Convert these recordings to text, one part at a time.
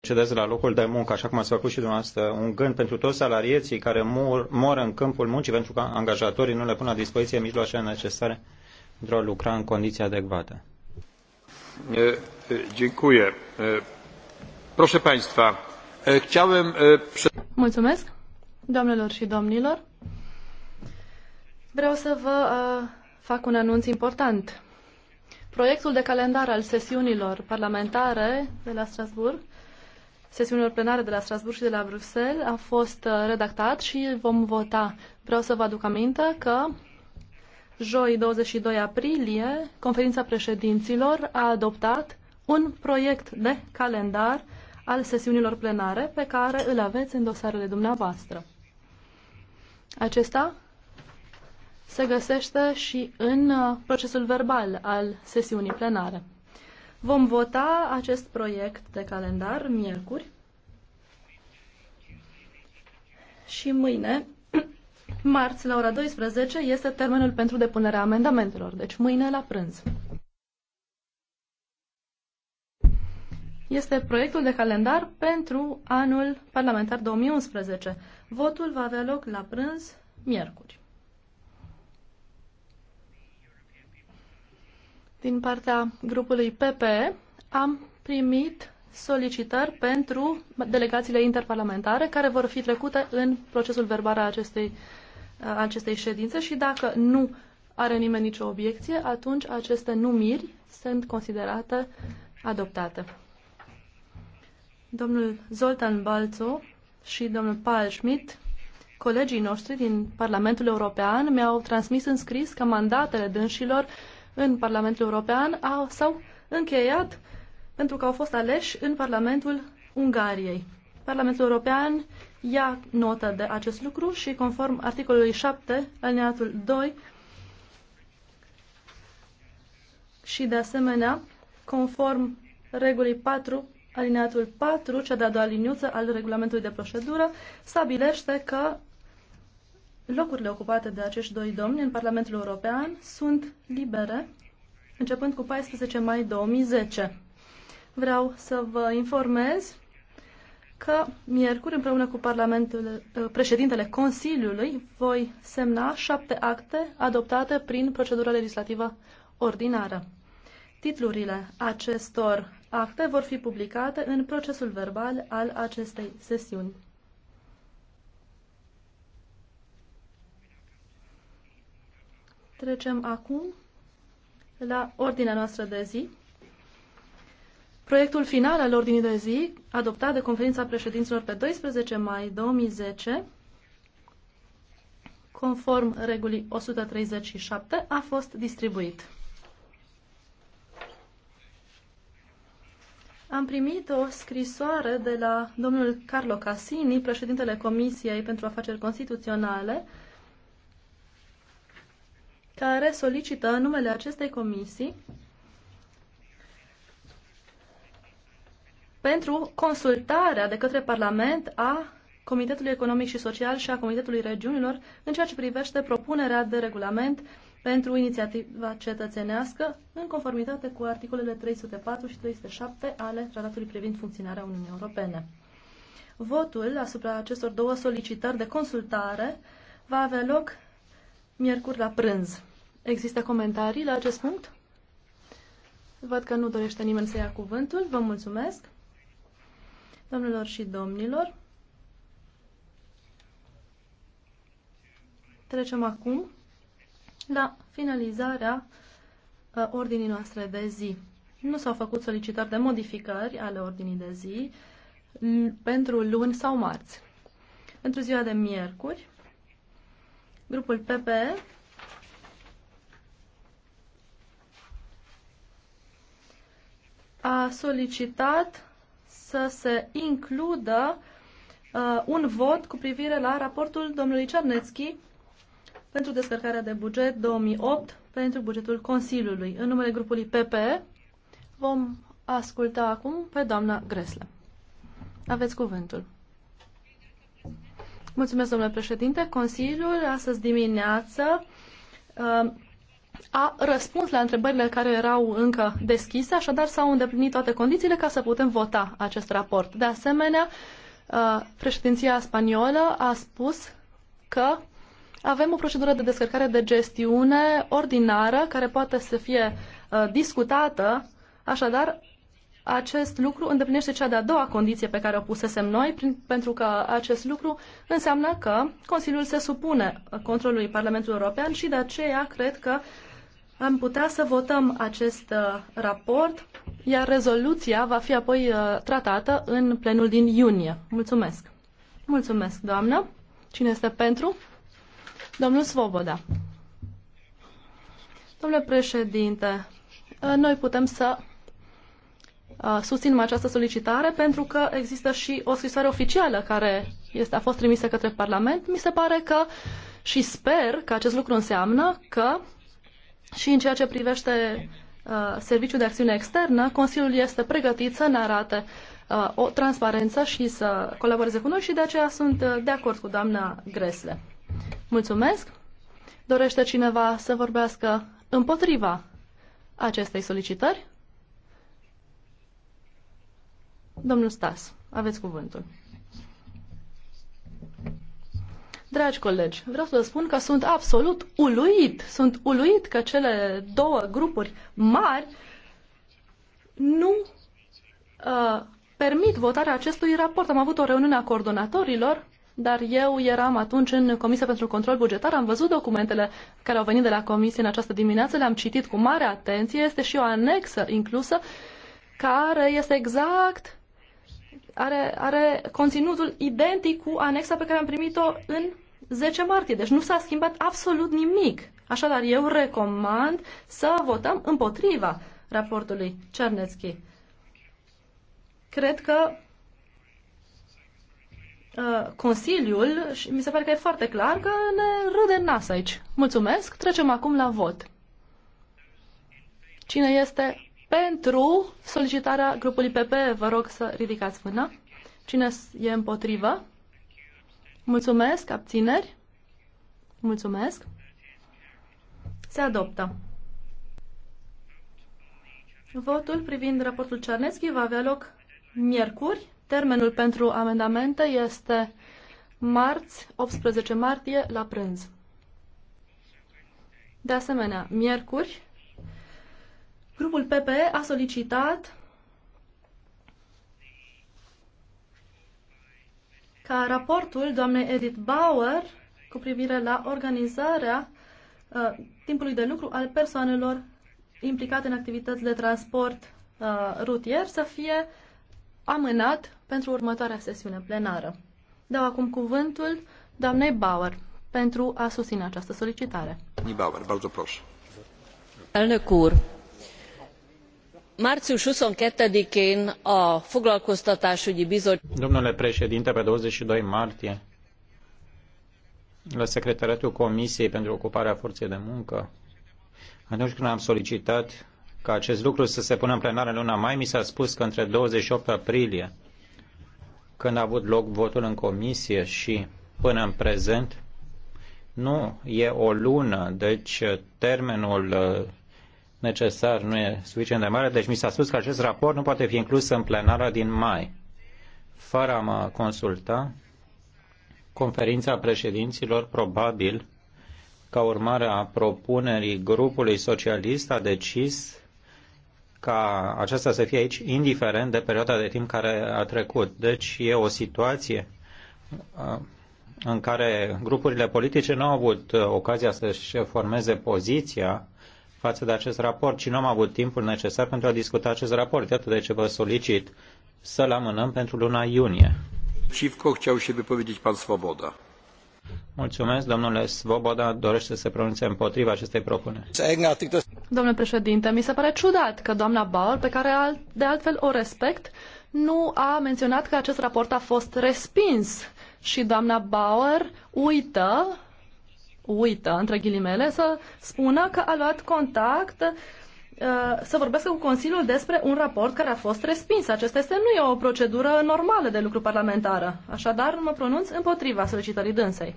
Cedez la locul de muncă, așa cum ați făcut și dumneavoastră, un gând pentru toți salarieții care mor, mor în câmpul muncii pentru că angajatorii nu le pun la dispoziție mijloacele necesare pentru a lucra în condiții adecvate. Dziękuję. Proszę Państwa, chciałem... Mulțumesc, doamnelor și domnilor. Vreau să vă uh, fac un anunț important. Proiectul de calendar al sesiunilor parlamentare de la Strasburg sesiunilor plenare de la Strasburg și de la Bruxelles a fost uh, redactat și vom vota. Vreau să vă aduc aminte că joi 22 aprilie conferința președinților a adoptat un proiect de calendar al sesiunilor plenare pe care îl aveți în dosarele dumneavoastră. Acesta se găsește și în uh, procesul verbal al sesiunii plenare. Vom vota acest proiect de calendar miercuri și mâine, marți, la ora 12, este termenul pentru depunerea amendamentelor, deci mâine la prânz. Este proiectul de calendar pentru anul parlamentar 2011. Votul va avea loc la prânz miercuri. din partea grupului PPE am primit solicitări pentru delegațiile interparlamentare care vor fi trecute în procesul verbal a acestei, a uh, acestei ședințe și dacă nu are nimeni nicio obiecție, atunci aceste numiri sunt considerate adoptate. Domnul Zoltan Balțo și domnul Paul Schmidt, colegii noștri din Parlamentul European, mi-au transmis în scris că mandatele dânșilor în Parlamentul European au, s-au încheiat pentru că au fost aleși în Parlamentul Ungariei. Parlamentul European ia notă de acest lucru și conform articolului 7, alineatul 2 și de asemenea conform regulii 4, alineatul 4, cea de-a doua liniuță al regulamentului de procedură, stabilește că Locurile ocupate de acești doi domni în Parlamentul European sunt libere, începând cu 14 mai 2010. Vreau să vă informez că miercuri, împreună cu Parlamentul, uh, președintele Consiliului, voi semna șapte acte adoptate prin procedura legislativă ordinară. Titlurile acestor acte vor fi publicate în procesul verbal al acestei sesiuni. Trecem acum la ordinea noastră de zi. Proiectul final al ordinii de zi, adoptat de conferința președinților pe 12 mai 2010, conform regulii 137, a fost distribuit. Am primit o scrisoare de la domnul Carlo Cassini, președintele Comisiei pentru Afaceri Constituționale, care solicită numele acestei comisii pentru consultarea de către Parlament a Comitetului Economic și Social și a Comitetului Regiunilor în ceea ce privește propunerea de regulament pentru inițiativa cetățenească în conformitate cu articolele 304 și 307 ale Tratatului privind funcționarea Uniunii Europene. Votul asupra acestor două solicitări de consultare va avea loc miercuri la prânz. Există comentarii la acest punct? Văd că nu dorește nimeni să ia cuvântul. Vă mulțumesc. Domnilor și domnilor, trecem acum la finalizarea uh, ordinii noastre de zi. Nu s-au făcut solicitări de modificări ale ordinii de zi pentru luni sau marți. Pentru ziua de miercuri, grupul PPE a solicitat să se includă uh, un vot cu privire la raportul domnului Cernețchi pentru descărcarea de buget 2008 pentru bugetul Consiliului. În numele grupului PP vom asculta acum pe doamna Gresle. Aveți cuvântul. Mulțumesc, domnule președinte. Consiliul astăzi dimineață uh, a răspuns la întrebările care erau încă deschise, așadar s-au îndeplinit toate condițiile ca să putem vota acest raport. De asemenea, uh, președinția spaniolă a spus că avem o procedură de descărcare de gestiune ordinară care poate să fie uh, discutată, așadar acest lucru îndeplinește cea de-a doua condiție pe care o pusesem noi, prin, pentru că acest lucru înseamnă că Consiliul se supune controlului Parlamentului European și de aceea cred că am putea să votăm acest uh, raport, iar rezoluția va fi apoi uh, tratată în plenul din iunie. Mulțumesc! Mulțumesc, doamnă! Cine este pentru? Domnul Svoboda. Domnule președinte, uh, noi putem să susținem această solicitare pentru că există și o scrisoare oficială care este, a fost trimisă către Parlament. Mi se pare că și sper că acest lucru înseamnă că și în ceea ce privește uh, Serviciul de Acțiune Externă, Consiliul este pregătit să ne arate uh, o transparență și să colaboreze cu noi și de aceea sunt uh, de acord cu doamna Gresle. Mulțumesc! Dorește cineva să vorbească împotriva acestei solicitări? Domnul Stas, aveți cuvântul. Dragi colegi, vreau să vă spun că sunt absolut uluit, sunt uluit că cele două grupuri mari nu uh, permit votarea acestui raport. Am avut o reuniune a coordonatorilor, dar eu eram atunci în Comisia pentru Control Bugetar, am văzut documentele care au venit de la Comisie în această dimineață, le-am citit cu mare atenție, este și o anexă inclusă, care este exact are, are conținutul identic cu anexa pe care am primit-o în 10 martie. Deci nu s-a schimbat absolut nimic. Așadar, eu recomand să votăm împotriva raportului Cernetski. Cred că uh, Consiliul, și mi se pare că e foarte clar, că ne râde nas aici. Mulțumesc. Trecem acum la vot. Cine este pentru solicitarea grupului PP, vă rog să ridicați mâna. Cine e împotrivă? Mulțumesc. Abțineri? Mulțumesc. Se adoptă. Votul privind raportul Cernescu va avea loc miercuri. Termenul pentru amendamente este marți, 18 martie, la prânz. De asemenea, miercuri, Grupul PPE a solicitat ca raportul doamnei Edith Bauer cu privire la organizarea uh, timpului de lucru al persoanelor implicate în activități de transport uh, rutier să fie amânat pentru următoarea sesiune plenară. Dau acum cuvântul doamnei Bauer pentru a susține această solicitare. Bauer, bardzo proszę. Elne úr, március twenty two én a foglalkoztatásügyi bizottság. domnule președinte pe douăzeci și doi martie la secretariatul comisiei pentru ocuparea forței de muncă atunci când am solicitat ca acest lucru să se pună în plenară în luna mai mi s-a spus că între 28 aprilie când a avut loc votul în comisie și până în prezent nu e o lună, deci termenul necesar nu e suficient de mare, deci mi s-a spus că acest raport nu poate fi inclus în plenara din mai. Fără a mă consulta, conferința președinților probabil ca urmare a propunerii grupului socialist a decis ca aceasta să fie aici, indiferent de perioada de timp care a trecut. Deci e o situație în care grupurile politice nu au avut uh, ocazia să-și formeze poziția față de acest raport și nu am avut timpul necesar pentru a discuta acest raport. Iată de ce vă solicit să-l amânăm pentru luna iunie. Przeciwko chciał się wypowiedzieć pan Svoboda. Mulțumesc, domnule Svoboda, dorește să se pronunțe împotriva acestei propuneri. Domnule președinte, mi se pare ciudat că doamna Bauer, pe care de altfel o respect, nu a menționat că acest raport a fost respins și doamna Bauer uită uită, între ghilimele, să spună că a luat contact uh, să vorbească cu Consiliul despre un raport care a fost respins. Acesta este nu e o procedură normală de lucru parlamentară. Așadar, mă pronunț împotriva solicitării dânsei.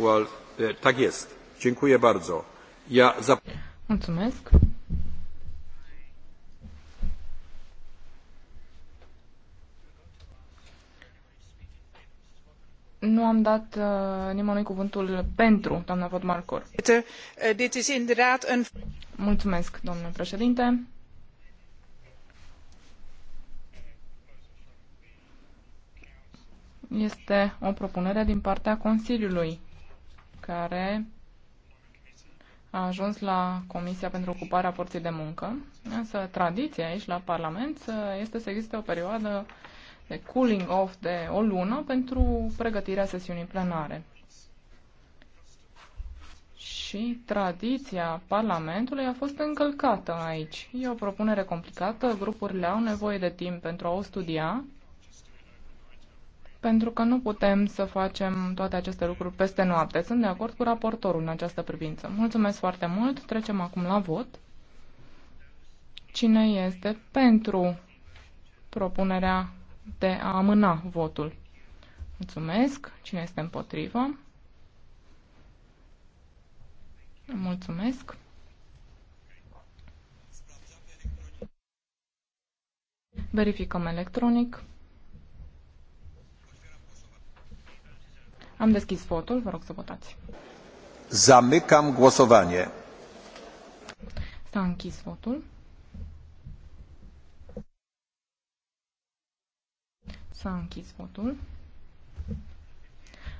Well, eh, tak jest. Dziękuję bardzo. Ja Mulțumesc. Nu am dat uh, nimănui cuvântul pentru, doamna Vodmarcor. Uh, Mulțumesc, domnule președinte. Este o propunere din partea Consiliului, care a ajuns la Comisia pentru Ocuparea Forței de Muncă, însă tradiția aici la Parlament uh, este să existe o perioadă de cooling off de o lună pentru pregătirea sesiunii plenare. Și tradiția Parlamentului a fost încălcată aici. E o propunere complicată, grupurile au nevoie de timp pentru a o studia, pentru că nu putem să facem toate aceste lucruri peste noapte. Sunt de acord cu raportorul în această privință. Mulțumesc foarte mult. Trecem acum la vot. Cine este pentru propunerea de a amâna votul. Mulțumesc. Cine este împotrivă? Mulțumesc. Verificăm electronic. Am deschis votul, vă rog să votați. Zamykam głosowanie. S-a închis votul. S-a închis votul.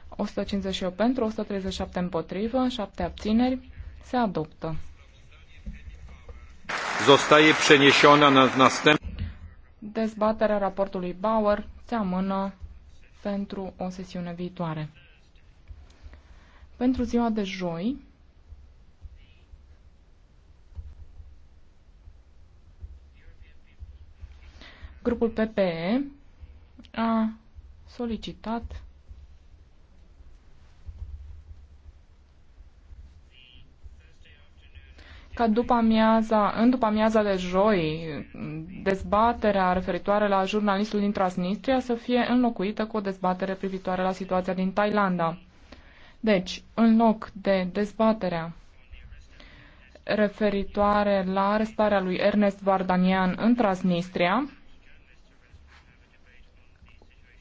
158 pentru, 137 împotrivă, 7 abțineri. Se adoptă. Zostaje przeniesiona na następ... Dezbaterea raportului Bauer se amână pentru o sesiune viitoare. Pentru ziua de joi, grupul PPE a solicitat ca după amiaza, în după amiaza de joi, dezbaterea referitoare la jurnalistul din Transnistria să fie înlocuită cu o dezbatere privitoare la situația din Thailanda. Deci, în loc de dezbaterea referitoare la arestarea lui Ernest Vardanian în Transnistria,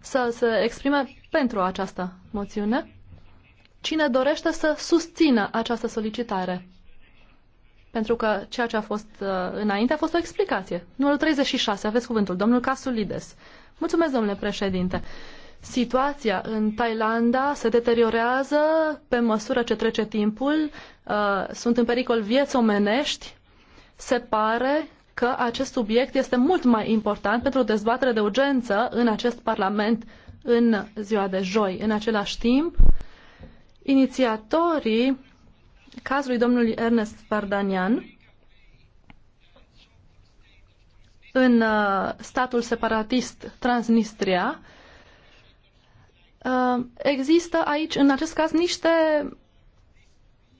să se exprime pentru această moțiune. Cine dorește să susțină această solicitare? Pentru că ceea ce a fost uh, înainte a fost o explicație. Numărul 36, aveți cuvântul, domnul Casulides. Mulțumesc, domnule președinte. Situația în Thailanda se deteriorează pe măsură ce trece timpul. Uh, sunt în pericol vieți omenești. Se pare că acest subiect este mult mai important pentru o dezbatere de urgență în acest Parlament în ziua de joi. În același timp, inițiatorii cazului domnului Ernest Pardanian în uh, statul separatist Transnistria, uh, există aici, în acest caz, niște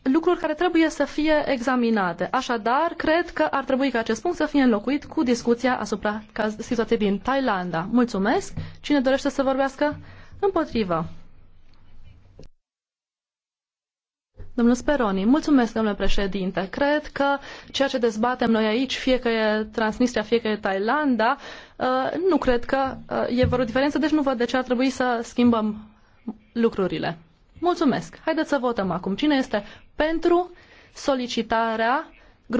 lucruri care trebuie să fie examinate. Așadar, cred că ar trebui ca acest punct să fie înlocuit cu discuția asupra situației din Thailanda. Mulțumesc. Cine dorește să vorbească? Împotrivă. Domnul Speroni, mulțumesc, domnule președinte. Cred că ceea ce dezbatem noi aici, fie că e Transnistria, fie că e Thailanda, uh, nu cred că uh, e vreo diferență, deci nu văd de ce ar trebui să schimbăm lucrurile. Mulțumesc. Haideți să votăm acum. Cine este pentru solicitarea